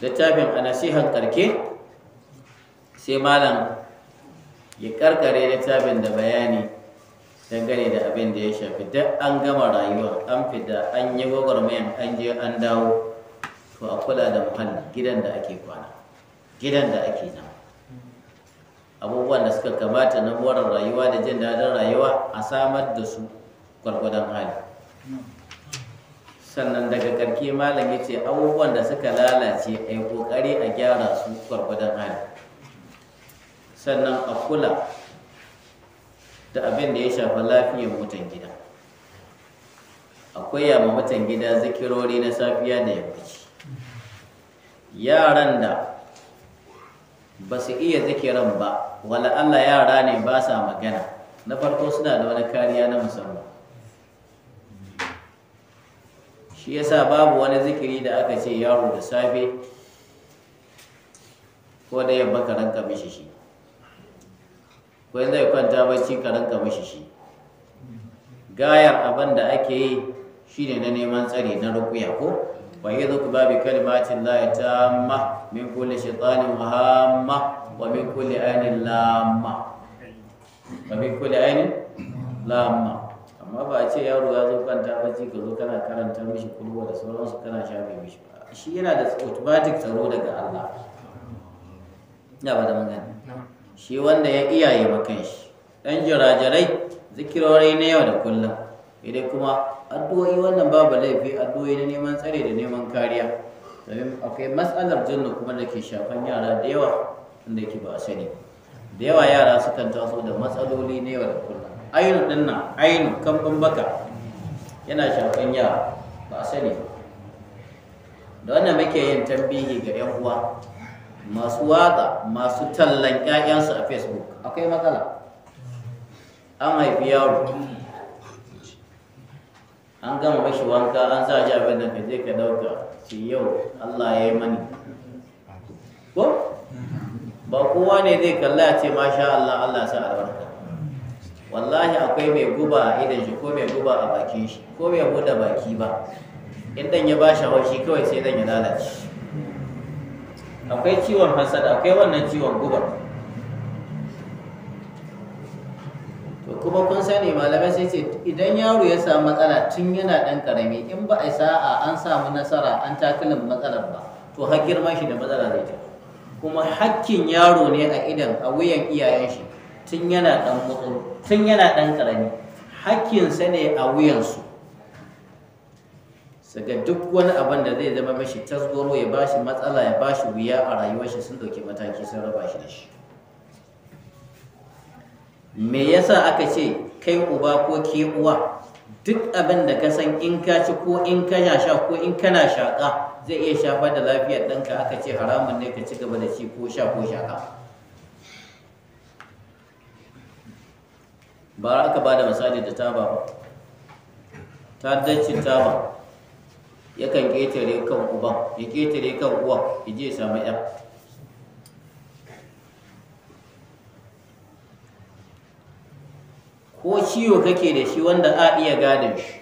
littafin a nasihar karke sai malam ya karkare littafin da bayani dangane da abin da ya shafi duk an gama rayuwa an fita an yi gwagwarmayan an je an dawo to a kula da muhalli gidan da ake kwana gidan da ake abubuwan da suka kamata na morar rayuwa da jin daɗin rayuwa a samar da su gwargwadon hali sannan daga karke malam ya ce abubuwan da suka lalace a yi kokari a gyara su gwargwadon hali sannan a kula da abin da ya shafa lafiyar mutan gida akwai yamma mutan gida zikirori na safiya da yammaci yaran da ba su iya zikiran ba wala Allah yara ne ba sa magana na farko suna da wani kariya na musamman shi yasa babu wani zikiri da aka ce yaro da safe ko da yamma ka ranka mishi shi ko yanzu ya kwanta bacci ka ranka mishi shi gayar abin da ake yi shine na neman tsari na rukuya ko wa yadhkuba bi kalimatin la tamma min kulli shaytanin hamma wa min shi ainin lamma wa min kulli ainin lamma amma ba a ce yaro ya zo kwanta bacci ka zo kana karanta mishi kulwa da sauransu kana shafe mishi ba shi yana da automatic tsaro daga Allah ya ba da magana shi wanda ya iyaye makan shi dan jarajarai, zikirorai na yau da kullum idan kuma addu'o'i wannan babu laifi addu'o'i na neman tsare da neman kariya domin akwai matsalar jinnu kuma da ke shafan yara da yawa wanda ke ba a sani da yawa yara sukan taso da matsaloli na yau da kullum ainu din nan ainu kamfan baka yana shafin yara ba sani da wannan muke yin tambihi ga 'yan uwa masu waka masu tallan 'ya'yansu a facebook akwai matsala an haifi yaro an gama shi wanka an sa shi abin da kaje ka dauka shi yau allah ya yi mani ko ba kowa ne zai kalla ya ce masha allah allah ya sa albarka wallahi akwai mai guba a idan shi ko mai guba a bakin shi ko mai buɗe baki ba in dan ya ba shi haushi kawai sai dan ya lalace akwai ciwon hasad akwai wannan ciwon guba to kuma kun sani malamai sai ce idan yaro ya samu matsala tun yana dan karami in ba a sa'a an samu nasara an takilin matsalar ba to har girma shi da matsala zai ta kuma hakkin yaro ne a idan a wuyan iyayen shi tun yana ɗan tun yana ɗan ƙarami hakkinsa ne a wuyansu daga duk wani abin da zai zama mashi tasgoro ya ba shi matsala ya ba shi wuya a rayuwar shi sun ɗauki mataki sun raba shi da shi me yasa aka ce kai uba ko ke uwa duk abin da ka san in ka ci ko in kana sha ko in kana shaƙa zai iya shafa da lafiyar ɗanka aka ce haramun ne ka ci gaba da ci ko sha ko shaƙa ba aka ba da misali da taba ba Ta ta'addancin taba yakan ƙetare kan uban ya ƙetare kan uwan ya je samu ya ko ciwo kake da shi wanda a iya gadon shi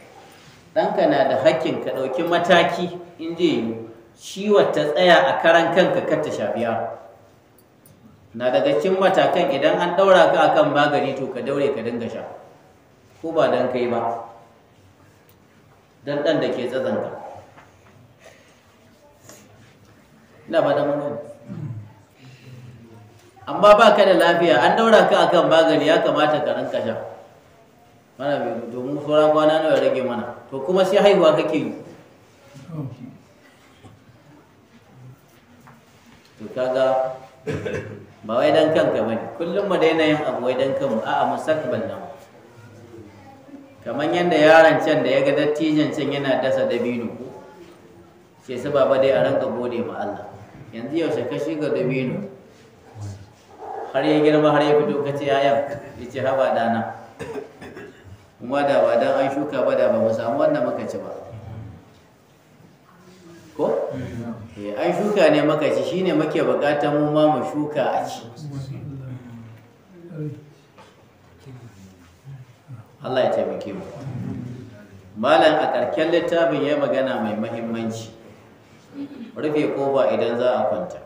ɗanka na da hakkin ka ɗauki mataki in zai yi ciwon ta tsaya a karan kanka kar ta shafi yaro na daga cikin matakan idan an ɗaura ka akan magani to ka daure ka dinga sha ko ba don kai ba don ɗan da ke tsazanka ina ba da mun amma ba ka da lafiya an daura ka akan magani ya kamata ka rinka sha mana bai domin sauran kwana nawa rage mana to kuma sai haihuwa kake yi to kaga ba wai dan kanka ba ne kullum mu daina yin abu wai dan kanmu a'a musakbal nan kamar yadda yaron can da ya ga dattijan can yana dasa dabino sai su baba dai a ranka gode ma Allah yanzu yaushe ka shiga dabino har ya girma har ya fito ka ce yayan ya ce haba dana kuma da ba dan an shuka ba da ba mu samu wannan muka ci ba Eh, ai shuka ne maka ci shine muke bukatar mu ma mu shuka a ci Allah ya taimake mu malam a karken littafin ya magana mai mahimmanci rufe koba idan za a kwanta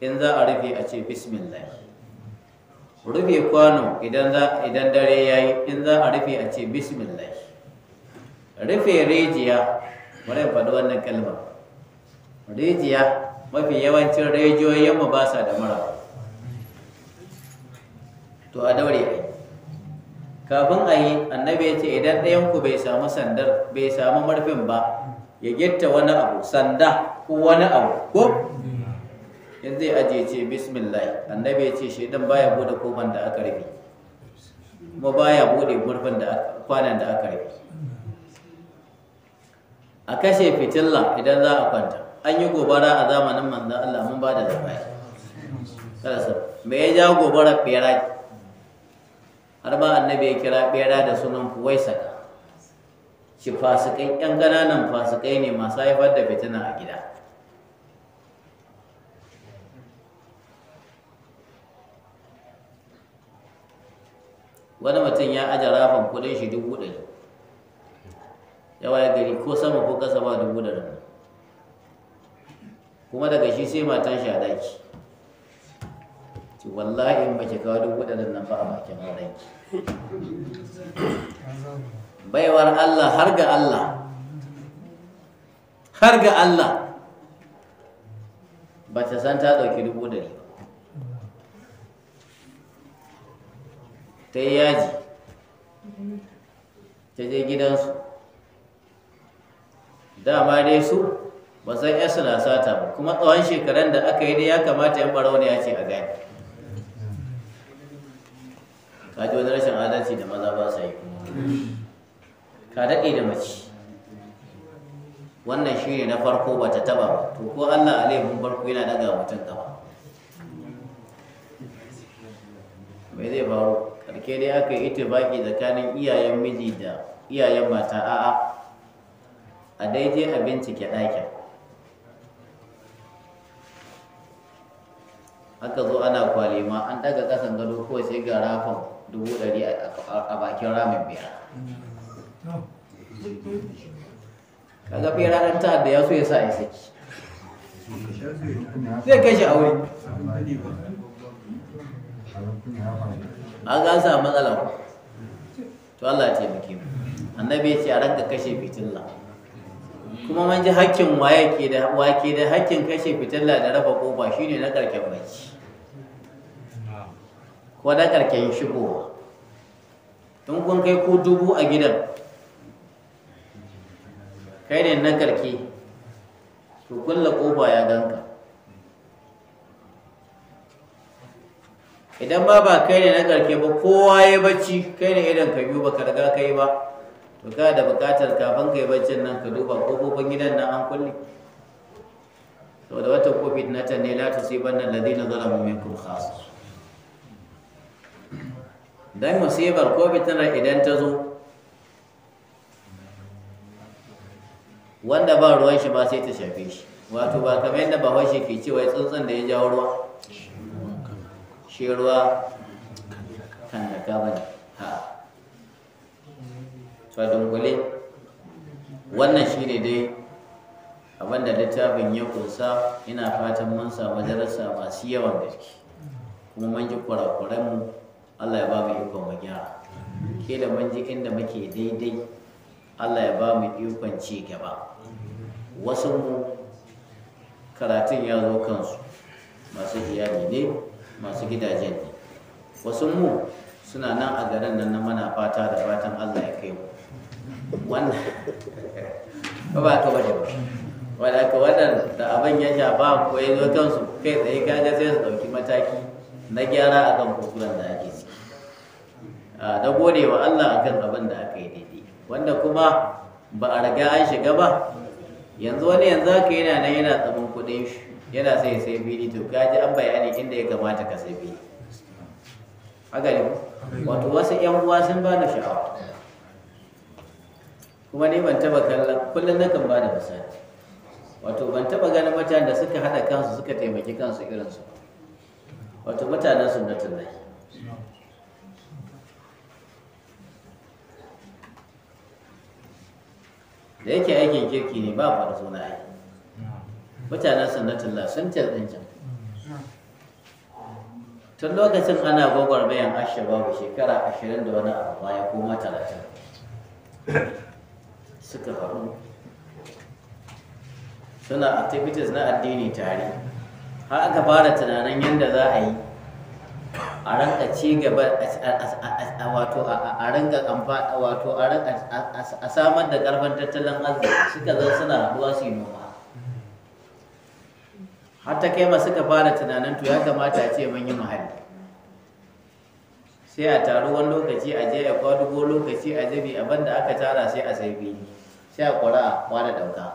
in za a rufe a ce bismillah rufe kwano idan dare ya yi in za a rufe a ce bismillah rufe rijiya bari faɗi wannan kalmar rijiya mafi yawancin rijiyoyinmu ba sa da mura to a daure a yi kafin a yi annabi ya ce idan ɗayanku bai samu sandar bai samu marfin ba ya gitta wani abu sanda ko wani abu ko in zai aje ce bismillah annabi ya ce shaidan baya bude kofan da aka rufe kuma baya bude murfin da kwanan da aka rufe a kashe fitilla idan za a kwanta an yi gobara a zamanin manzan Allah mun ba da labari me ya ja gobara bera har ba annabi ya kira bera da sunan saka. shi fasikai yan ƙananan fasikai ne masu haifar da fitina a gida wani mutum ya aje rafin kudin shi dubu ɗari yawa ya gari ko sama ko ƙasa ba dubu ɗari kuma daga shi sai matan shi a daki ci wallahi in baki kawo duk waɗannan nan ba a bakin ranki baiwar Allah har ga Allah har ga Allah ba ta san ta ɗauki dubu ɗari ba ta yi yaji ta je gidansu dama dai su ba san na sata ba kuma tsawon shekaran da aka yi da ya kamata yan barau ne ya ce a gani ka ji wani rashin adalci da maza ba sa yi ka daɗe da mace wannan shi ne na farko ba ta taba ba to ko allah alaihun barko yana daga mutum gaba mai zai faru karke dai aka yi ita baki tsakanin iyayen miji da iyayen mata a'a a daidai a bincike ɗakin aka zo ana ma, an daga kasan gado kawai sai ga rafin dubu ɗari a bakin ramin biyar. kaga bera ɗan ta da ya so ya sa ya saki zai kai shi aure a ga sa matsalar to Allah ya taimake mu annabi ya ce a ranka kashe fitilla kuma man ji hakkin wake da hakkin kashe fitilla da raba kofa shine na karkin baki ko na karken shigowa tun kun kai ko dubu a gidan kai ne na karke to kulla kofa ya ganka idan ba ba kai ne na karke ba kowa ya bacci kai ne idan ka biyu ba ka riga kai ba to ka da bukatar kafin kai baccin nan ka duba kofofin gidan nan an kulle saboda wata covid na ta ne la tusibanna alladhina zalamu minkum khassa don musibar ko fitinar idan ta zo wanda ba ruwan shi ba sai ta shafe shi wato ba kamar yadda ba shi ke cewa tsuntsun da ya jawo ruwa shi ruwa kan da ka bane ha to wannan shi ne dai abinda littafin ya kusa ina fatan mun samu darasa masu yawan gaske kuma mun ji mu Allah ya ba mu ikon mu gyara ke da mun ji inda muke daidai Allah ya ba mu ikon ci gaba wasu mu karatun ya zo kansu masu iyali ne masu gidaje ne wasu mu suna nan a garin nan na mana fata da fatan Allah ya kai mu wannan ba ba ka bada ba wadda ka wannan da abin ya shafa ko ya zo kansu kai tsaye kaga sai su dauki mataki na gyara akan kusuran da ake ci na gode wa Allah kan abin da aka yi daidai wanda kuma ba a riga an shiga ba yanzu wani yanzu haka yana nan yana tsamin kuɗin shi yana sai sai fili to kaji an bayani inda ya kamata ka sai fili haka ne wato wasu yan uwa sun ba da sha'awa kuma ni ban taba kallon kullum na kan ba da misali wato ban taba ganin mutanen da suka haɗa kansu suka taimaki kansu irinsu wato mutanen sunnatullahi da yake aikin kirki ne ba faɗa na aiki mutanen sunnatullah sun cancanci tun lokacin ana gwagwarmayan ashababu shekara ashirin da wani abu baya koma talatin suka faru suna activities na addini tare har aka fara tunanin yadda za a yi a ranka ci gaba a wato a ranka amfa wato a ranka a samar da karfin tattalin arziki suka zan suna rabuwa su yi noma har ta kai masu ka fara tunanin to ya kamata a ce mun yi muhalli sai a taru wani lokaci a je a kwadugo lokaci a jabi abin da aka tara sai a sai biyu sai a kwara a kwada dauka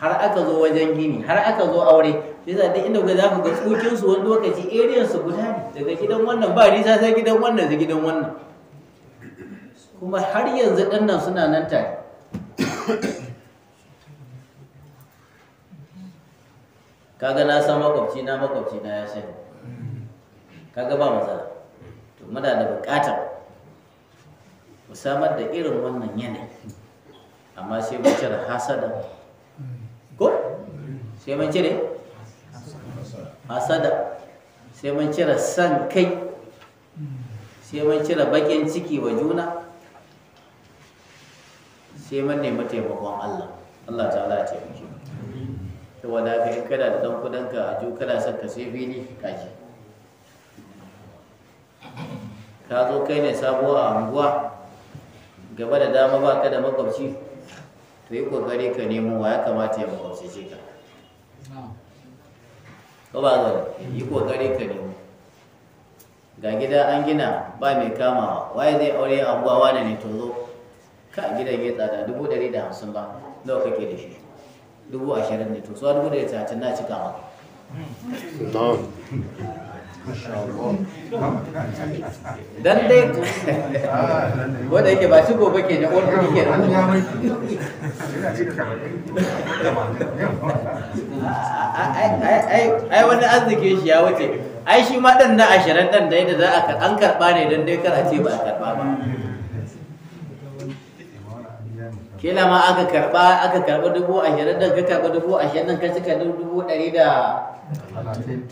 har aka zo wajen gini har aka zo aure shi yasa duk inda za ku ga tsukin su wani lokaci area su guda ne daga gidan wannan ba nisa sai gidan wannan zai gidan wannan kuma har yanzu ɗan nan suna nan tare kaga na san makwabci na makwabci na ya sani kaga ba maza to muna da buƙatar mu samar da irin wannan yanayi amma sai mu cire hasada ko sai mun cire hasada sai mun cire san kai sai mun cire bakin ciki wa juna sai mun nemi taimakon Allah Allah ta'ala ya taimake mu to wala ka in kada da dan kudan ka a kana san ka sai fili kaji ka zo kai ne sabo a anguwa gaba da dama ba ka da makwabci to yi kokari ka nemo wa ya kamata ya makwabci ka ko ba ga yi kokari ka ne ga gida an gina ba mai kamawa waye zai aure abuwa wani ne to zo ka gidan ya tsada dubu ɗari da hamsin ba nawa kake da shi dubu ashirin ne to suwa dubu ɗari talatin na cika ma. dan dai da yake ba shi gobe ke na wani ke nan ai wani arziki shi ya wuce ai shi ma dan na ashirin dan dai da za a an karba ne dan dai kar a ce ba a karba ba kila ma aka karba aka karba dubu ashirin dan ka karba dubu ashirin dan ka cika dubu ɗari da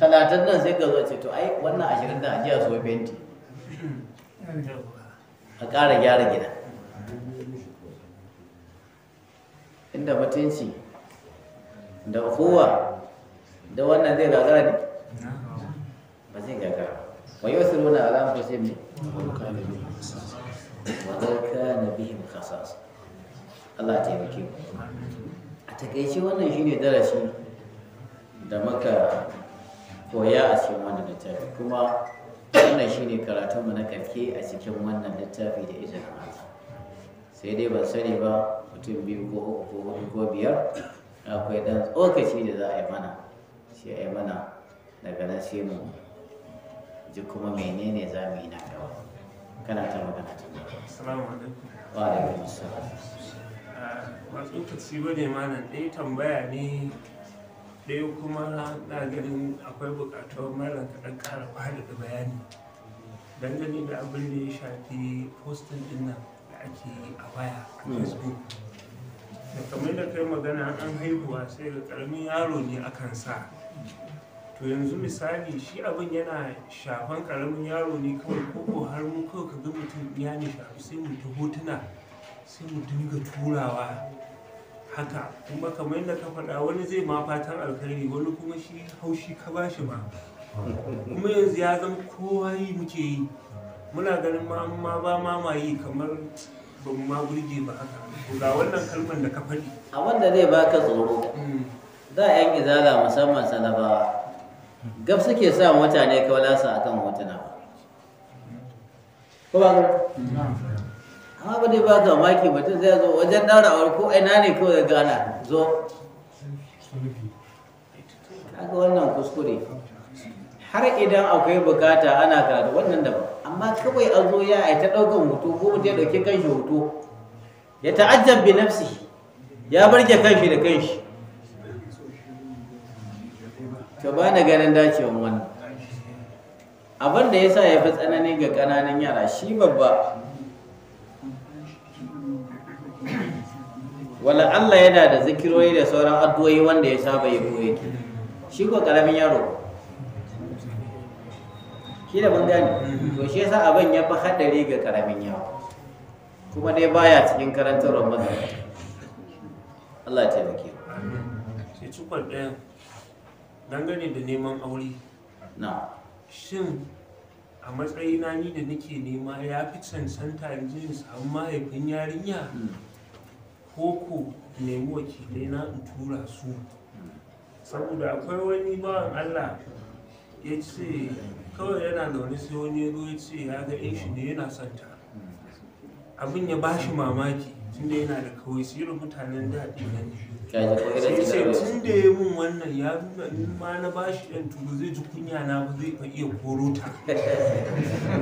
talatin nan sai ka zo ce to ai wannan ashirin da ajiya su fenti a ƙara gyara gida inda mutunci da kowa da wannan zai gagara ne ba zai gagara wa yau sun wani alamun ko sai mai wa zarka na bihim kasas Allah taimake mu a takaice wannan shi ne darasi da muka koya a cikin wannan littafi kuma wannan shine karatunmu na karke a cikin wannan littafi da na Allah sai dai ban sani ba mutum biyu ko uku ko hudu ko biyar akwai dan tsokaci da za a yi mana sai a yi mana daga nan sai mu ji kuma menene za mu yi na gaba kana ta magana ta Wa alaikum wa wani assalam ah, ba tsokaci bane ɗaya eh, tambaya ne ɗaya kuma na ganin akwai buƙatar mara kaɗan ƙara faɗaɗa bayani dangane da abin da ya shafi postin ɗin nan da ake yi a waya a mm. facebook da kamar da kai magana an haihuwa sai da ƙaramin yaro ne akan sa to yanzu misali shi abin yana shafan karamin yaro ne kawai koko har mu kawai ka ga mutum ya ne shafi sai mu ta hotuna sai mu dinga turawa haka kuma kamar yadda ka faɗa wani zai ma fatan alkhairi wani kuma shi haushi ka ba shi ma kuma yanzu ya zama kowa yi muke yi muna ganin ma ma ba ma ma yi kamar ba mu ma burge ba haka ga wannan kalmar da ka faɗi a wanda zai baka tsoro mm. da yan izala musamman salabawa gab suke sa mutane kawalasa akan hotuna ba ko ba amma ba dai ba ka maki mutum zai zo wajen daura aure ko aina ne kawai da gana zo kaga wannan kuskure har idan akwai bukata ana karatu wannan daban amma kawai an zo ya ai ta daukan hoto ko mutum ya dauki kanshi hoto ya ta'ajjab bi nafsi ya barge kanshi da kanshi ka ba na ganin dacewan wannan abin da yasa ya fi tsanani ga ƙananan yara shi babba wala Allah yana da zikiroyi da sauran addu'o'i wanda ya saba yi koyi shi ko karamin yaro shi da mun gani to shi yasa abin ya fi hadari ga karamin yaro kuma dai baya cikin karantarwar magana Allah ya taimake sai cikon ɗaya dangane da neman aure na shin a matsayina ni da nake nema ya fi cancanta yanzu in samu mahaifin yarinya hmm. Koko ne nemi wakilai na in tura su saboda akwai wani bawan allah ya ce kawai yana da wani sai wani ruwa ya ce ya ga shi ne yana santa abin ya ba shi mamaki tunda yana da kawai sirrin mutanen daɗi nan sai ce tun da ya mun wannan ya nuna in ma na ba shi ɗan turu zai ji kunya na ba zai iya koro ta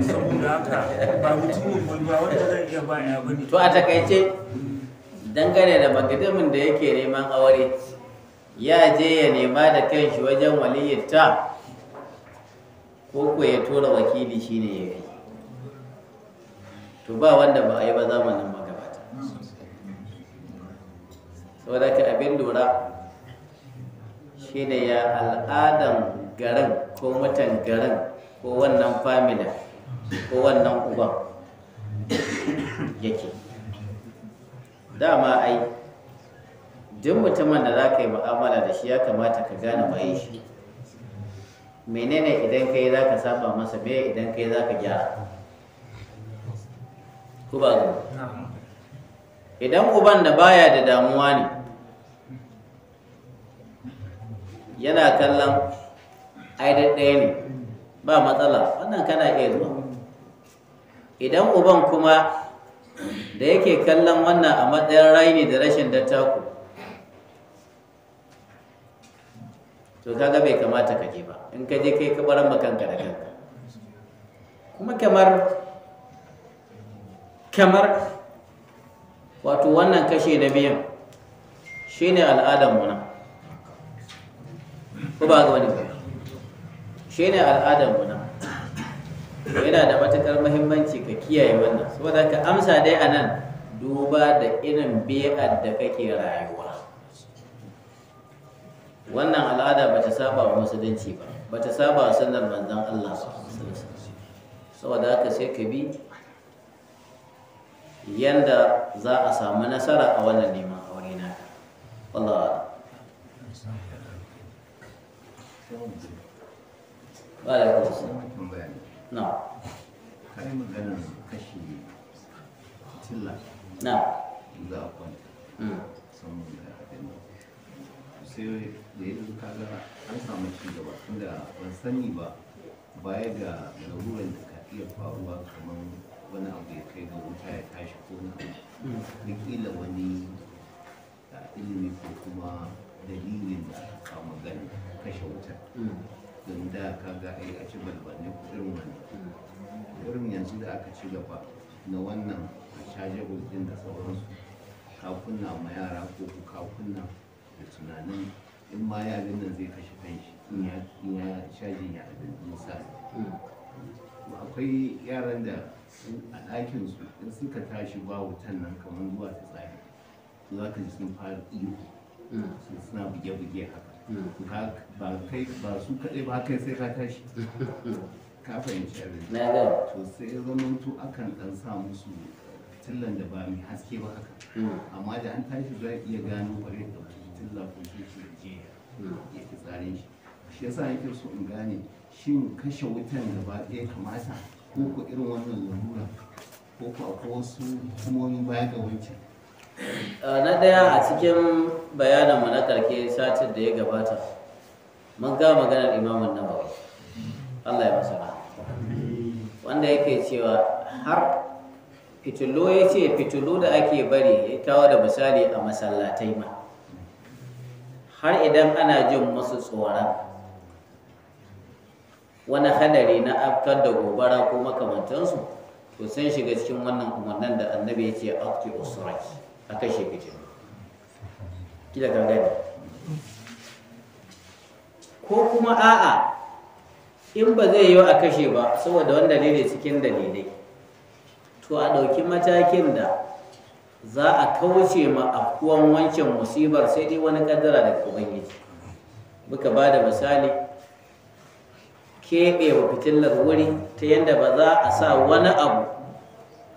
saboda haka ba mutumin ba wanda zai iya ba ya to a takaice dangane da magdumin da yake neman aure ya je ya nema da kanshi wajen waliyyarta ko ko ya tura wakili shine ya yi to ba wanda ba a yi ba zamanin magabata saboda ka abin lura ne ya al'adan garin ko mutan garin ko wannan famila ko wannan uban yake dama ai duk mutumin da za ka yi mu'amala da shi ya kamata ka gane waye shi menene idan ka yi za ka saba masa me idan ka yi za ka gyara ku ba idan uban da baya da damuwa ne yana kallon aidan ɗaya ne ba matsala wannan kana iya zuwa idan uban kuma da yake kallon wannan a matsayin raini da rashin dattaku to kaga bai kamata ka je ba in ka je kai kabaran makanka da kanka kuma kamar kamar wato wannan kashe na biyan ne al'adar muna. ko ba ga wani ne al'adar muna. yana da matukar mahimmanci ka kiyaye wannan saboda ka amsa dai a nan duba da irin bai'ar da kake rayuwa wannan al'ada ba ta saba wa musulunci ba ba ta saba wa sanar manzan Allah saboda haka sai ka bi yanda za a samu nasara a wannan neman aure na Allah wa kusa na kai maganar kashi tilla na za a kwanta mm. saboda abin sai da yanzu kaga an samu ci gaba inda ban sani ba baya ga laruran da ka iya faruwa kamar wani abu ya kai ga wuta ya tashi ko na mm. kila wani ilimi ko kuma dalilin da aka kashe wuta mm. don da kaga ai a ci balbalin irin wani irin yanzu da aka ci gaba na wannan a chargeable din da sauransu ka kunna ma yara ko ka kunna da tunanin in ma yarin nan zai kashe shi in ya cajin ya abin nisa akwai yaran da a ɗakin su in suka tashi ba wutan nan kamar zuwa ta tsari za ka ji sun fara iyo mm. suna buge-buge haka ba kai ba su kaɗai ba kai sai ka tashi ka fahimci abin to sai zama to akan ɗan sa musu tillan da ba mai haske ba haka hmm. amma da an tashi za a iya gano kwarai da tilla ko shi ke ya hmm. fi tsarin shi shi yasa yake so in gane shin kashe wutan ba ɗaya kamata ko ku irin wannan lalura ko ko akwai wasu hukumomin baya ga wancan Uh, na ɗaya a cikin bayaninmu na karke satin da ya gabata mun ga maganar imamun nawawi Allah ya masana wanda yake cewa har fitilu ya ce da ake bari ya kawo da misali a masallatai ma har idan ana jin masu tsora wani hadari na afkar da gobara ko makamantansu to sun shiga cikin wannan umarnin da annabi ya ce afki a kashe kace kila ka gani ko kuma a'a in ba zai yi a kashe ba saboda wani ne cikin dalilai to a ɗauki matakin da za a kauce ma afkuwan wancan musibar sai dai wani ƙadara da ubangiji muka ba da misali keɓe wa fitilar wuri ta yadda ba za a sa wani abu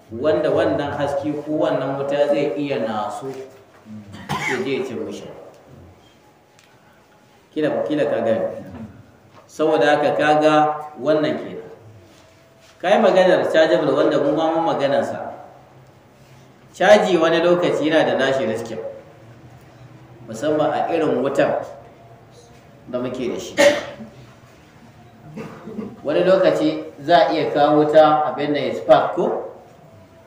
wanda wannan haske ko wannan wuta zai iya naso ya je ce rushe kila kila ka gani saboda haka kaga wannan ke kai maganar chargeable wanda mun ma mun maganar sa caji wani lokaci yana da nashi riskin musamman a irin wutar da muke da shi wani lokaci za a iya kawo ta abin da ya spark ko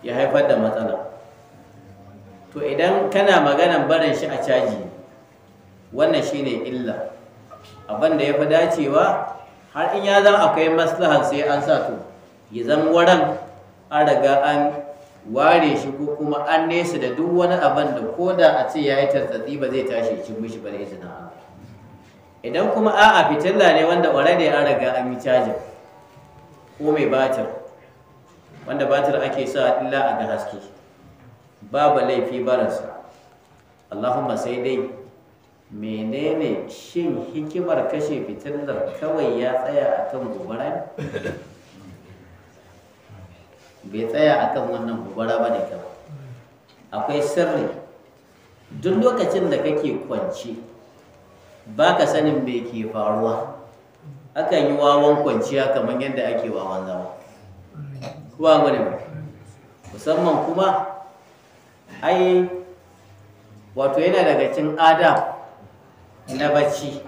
ya haifar da matsala to idan kana maganan barin shi a caji wannan shi ne illa abin ya fi dacewa har in ya zan akwai maslahar sai an sa to ya zan waran an riga an ware shi ko kuma an nesa da duk wani abin da ko da a ce ya yi tartsatsi ba zai tashi cin mishi ba da izinin idan kuma a'a fitilla ne wanda already a riga an yi cajin ko mai batir wanda batir ake sa illa a ga haske babu laifi baransa Allahumma sai dai menene shin hikimar kashe fitilar kawai ya tsaya akan gobara bai tsaya akan wannan gobara ba ne kawai akwai sirri duk lokacin da kake kwanci ba ka sanin me ke faruwa akan yi wawan kwanciya kamar yadda ake wawan zama kowa gwane ba musamman kuma ai wato yana daga cin adam na bacci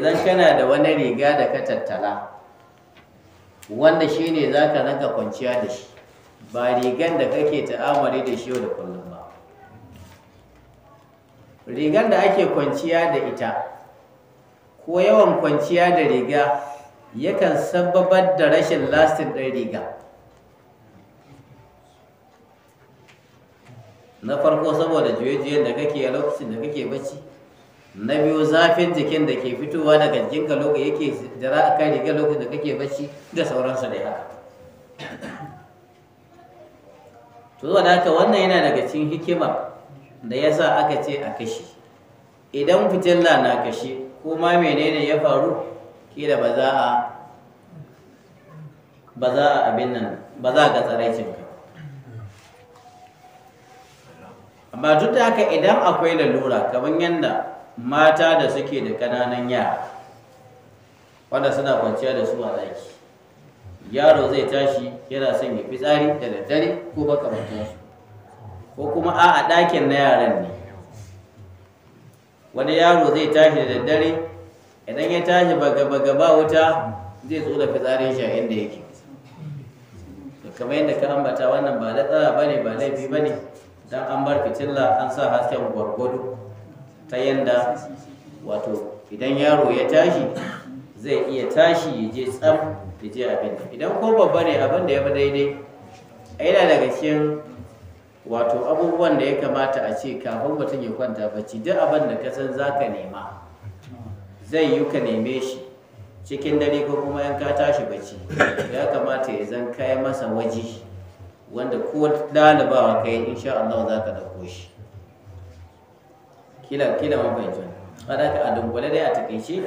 zan kana da wani riga da ka tattala wanda shi ne za ka zanka kwanciya da shi ba rigan da kake ta'amari da shi yau da kullum ba rigar da ake kwanciya da ita ko yawan kwanciya da riga yakan sababar da rashin lastin ɗin riga na farko saboda juye-juyen da kake a lokacin da kake bacci na biyu zafin jikin da ke fitowa daga jikinka lokacin yake jira a kai riga lokacin da kake bacci da sauransu da haka to zuwa da haka wannan yana daga cikin hikima da ya sa aka ce a kashe idan fitilla na kashe ko ma menene ya faru kila ba za a ba za a abin nan ba za a ga tsaraicin ka amma duk da haka idan akwai lalura kamar yadda mata da suke da kananan yara wanda suna kwanciya da su a daki yaro zai tashi yana son ya fitsari da daddare ko mutu ko kuma a a dakin na yaran ne wani yaro zai tashi da daddare idan ya tashi baga-baga ba wuta zai da fitsarin shi a inda yake kamar yadda ka ambata wannan ba da tsara ba ne ba laifi ba ne dan an bar fitilla an sa hasken gwargwado ta yanda wato idan yaro ya tashi zai iya tashi ya je tsam ya je abin idan ko babba ne abin da ya fi daidai a yana daga cikin wato abubuwan da ya kamata a ce kafin mutum ya kwanta bacci duk abin da ka san za ka nema zai yi ka neme shi cikin dare ko kuma yan ka tashi bacci ya kamata ya zan kai masa waje wanda ko dalibawa kai in sha Allah za ka dauko shi kila kila bai jin kada ka a dai a takaice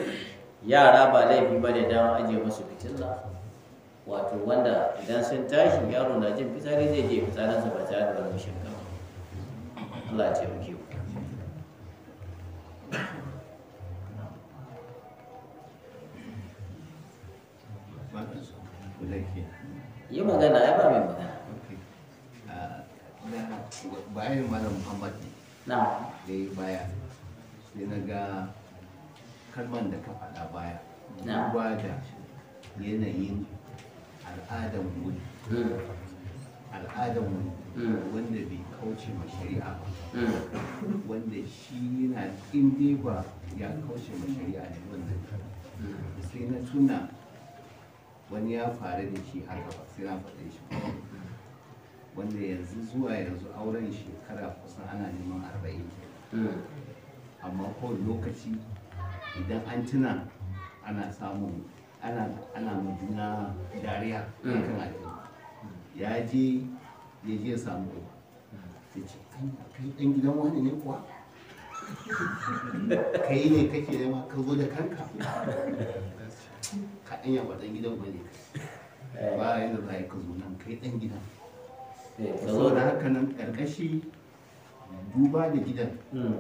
yara ba laifi ba dan aje ajiye musu fitilla wato wanda idan sun tashi yaro na jin fitsari zai je sa ba ta da wani shakka Allah ya muke ku yi magana ya ba bayanin malam muhammad ne da ya eh, baya sai na ga kalman da ka faɗa baya duba da yanayin al'adar wuri hmm. al'adar wuri hmm. wanda bai kauce ma shari'a ba hmm. wanda shi yana in dai ba ya kauce ma shari'a ne wannan sai na tuna wani ya faru da shi haka ba sai na faɗe shi wanda yanzu zuwa yanzu auren shekara kusan ana neman arba'in amma ko lokaci idan an tuna ana samun ana ana dariya dariya kan abin ya je ya je ya samu ta ce kai dan gidan wani ne kuwa kai ne kake nema ka zo da kanka ka ɗanya ba dan gidan ba ne ba yadda za ka zo nan kai dan gidan Eh, saboda haka nan karkashi duba da gidan hmm.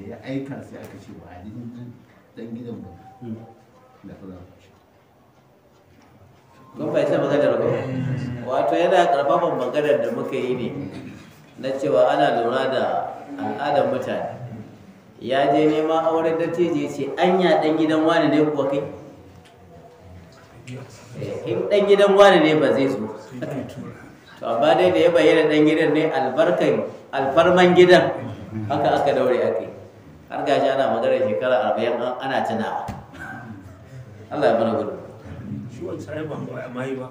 da ya aika sai aka ce ba halin dan gidan ba hmm. da kuma kun fahimta maganar ba wato yana karfafan maganar da muka yi ne na cewa ana lura da al'adar mutane ya je neman auren dattijo ya ce anya dan gidan wani ne kuwa kai eh, in dan gidan wani ne ba zai zo to amma dai da ya bayyana dan gidan ne albarkan alfarman gidan haka aka daure aka har shi ana magana shekara arba'in ana tunawa Allah ya mana gudu shi wani sai ba amma mayu ba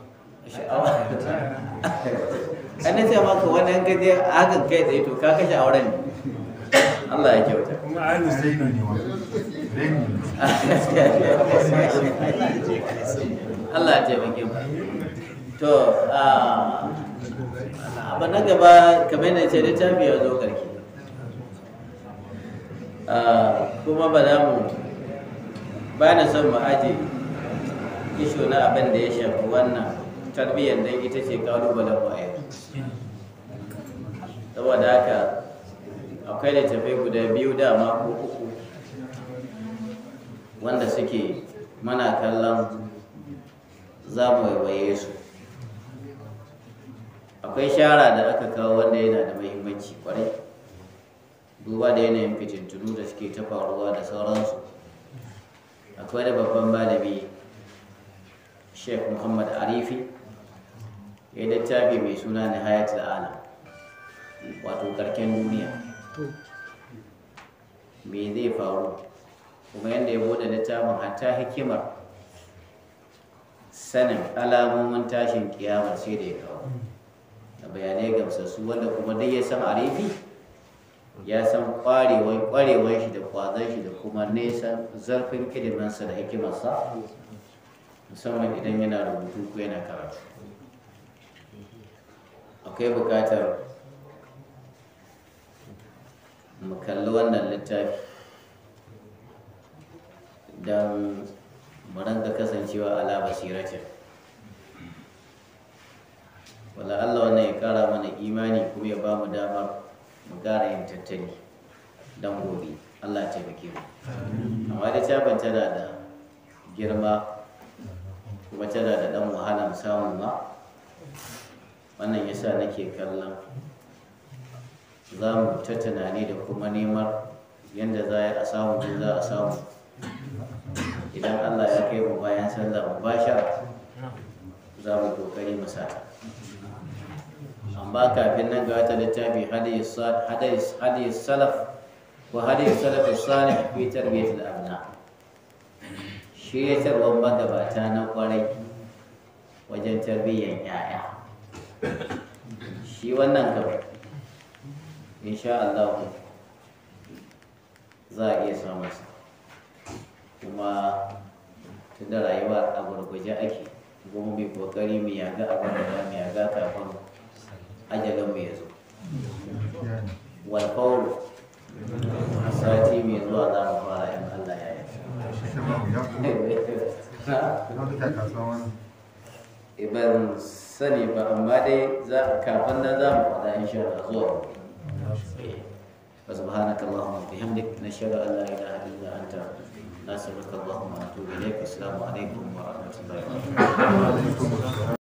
an ce maka wannan gaje hakan kai tsaye to ka kashe auren Allah ya kyauta kuma yi sai ne Allah ya taimake mu to ah, abu na gaba kamar yana ce littafi ya zo karki ah, kuma ba za mu ba na son mu aje isho na abin da ya shafi wannan tarbiyyar dan ita ce kalubalen baya saboda haka akwai tafi guda biyu dama ko uku wanda suke mana kallon za mu su akwai shara da aka kawo wanda yana da mahimmanci kwarai duba da yanayin fitintunu da suke ta faruwa da sauransu akwai da babban malami sheikh muhammad arifi ya littafi mai suna na hayatul alam wato karken duniya me zai faru kuma yadda ya bude littafin hatta hikimar sanin alamomin tashin kiyamar sai da ya kawo bayanai gamsassu wanda kuma dai ya san arifi ya san kwarewar shi da kwazon shi da kuma nesa, zarfin ilimansa da hikimarsa musamman idan yana rubutu ko yana karatu akwai bukatar mu kalli wannan littafi don mu ranga kasancewa ala basiratin wala Allah wannan ya kara mana imani kuma ya ba mu damar mu kara yin tattali don gobe Allah ta bake mu amma da ta banta da girma kuma tana da dan wahalan samu ma wannan yasa nake kallon za mu ta tunani da kuma neman yadda za a samu za a samu idan Allah ya kai mu bayan sallah mu bashar za mu kokari mu sata amma kafin nan ga wata littafi hadis salaf wa hadis salaf salih fi tarbiyatul abna shiryatarwar magabata na kwarai wajen tarbiyyar yaya shi wannan gaba insha Allah za a iya samun sa kuma tunda rayuwa a gurguje ake kuma mai kokari mu yaga abin da mu yaga kafin mu ya zo wal sati mai zuwa za mu fara in Allah ya yi eh, ban sani ba amma dai kafin nan za mu faɗa in shara zuwa فسبحانك اللهم وبحمدك نشهد ان لا اله الا انت نسألك اللهم ونتوب إليك السلام عليكم ورحمة الله وبركاته